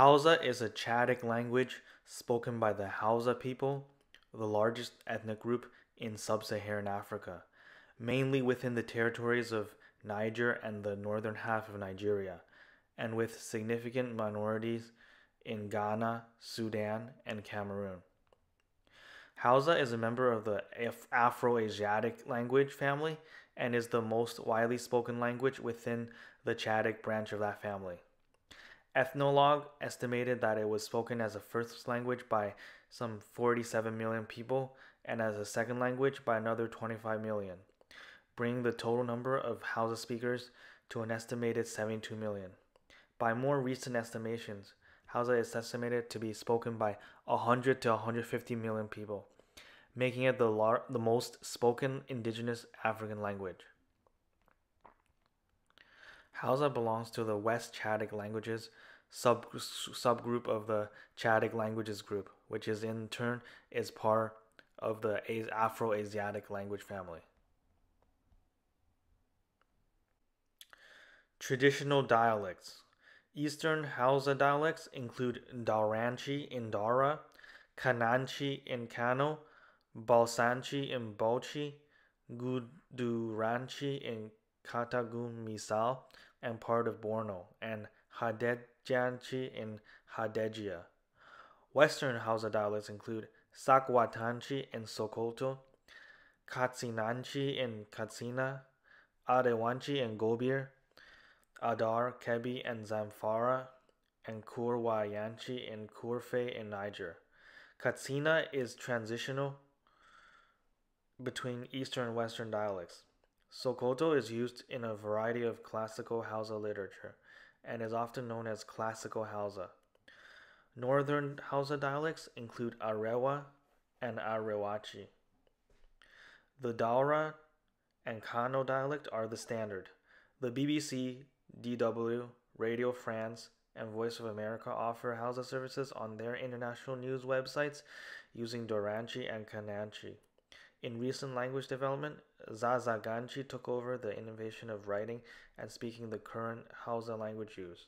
Hausa is a Chadic language spoken by the Hausa people, the largest ethnic group in sub Saharan Africa, mainly within the territories of Niger and the northern half of Nigeria, and with significant minorities in Ghana, Sudan, and Cameroon. Hausa is a member of the Afro Asiatic language family and is the most widely spoken language within the Chadic branch of that family. Ethnologue estimated that it was spoken as a first language by some 47 million people and as a second language by another 25 million, bringing the total number of Hausa speakers to an estimated 72 million. By more recent estimations, Hausa is estimated to be spoken by 100 to 150 million people, making it the, lar- the most spoken indigenous African language. Hausa belongs to the West Chadic languages sub subgroup of the Chadic languages group, which is in turn is part of the Afro-Asiatic language family. Traditional dialects. Eastern Hausa dialects include Dauranchi in Dara, Kananchi in Kano, Balsanchi in Bochi, Guduranchi in Katagum misal and part of Borno, and Hadejianchi in Hadejia. Western Hausa dialects include Sakwatanchi in Sokoto, Katsinanchi in Katsina, Adewanchi in Gobir, Adar, Kebi, and Zamfara, and Kurwayanchi in Kurfe in Niger. Katsina is transitional between Eastern and Western dialects. Sokoto is used in a variety of classical Hausa literature and is often known as classical Hausa. Northern Hausa dialects include Arewa and Arewachi. The Daura and Kano dialect are the standard. The BBC, DW, Radio France, and Voice of America offer Hausa services on their international news websites using Doranchi and Kananchi. In recent language development, Zaza Ganji took over the innovation of writing and speaking the current Hausa language use.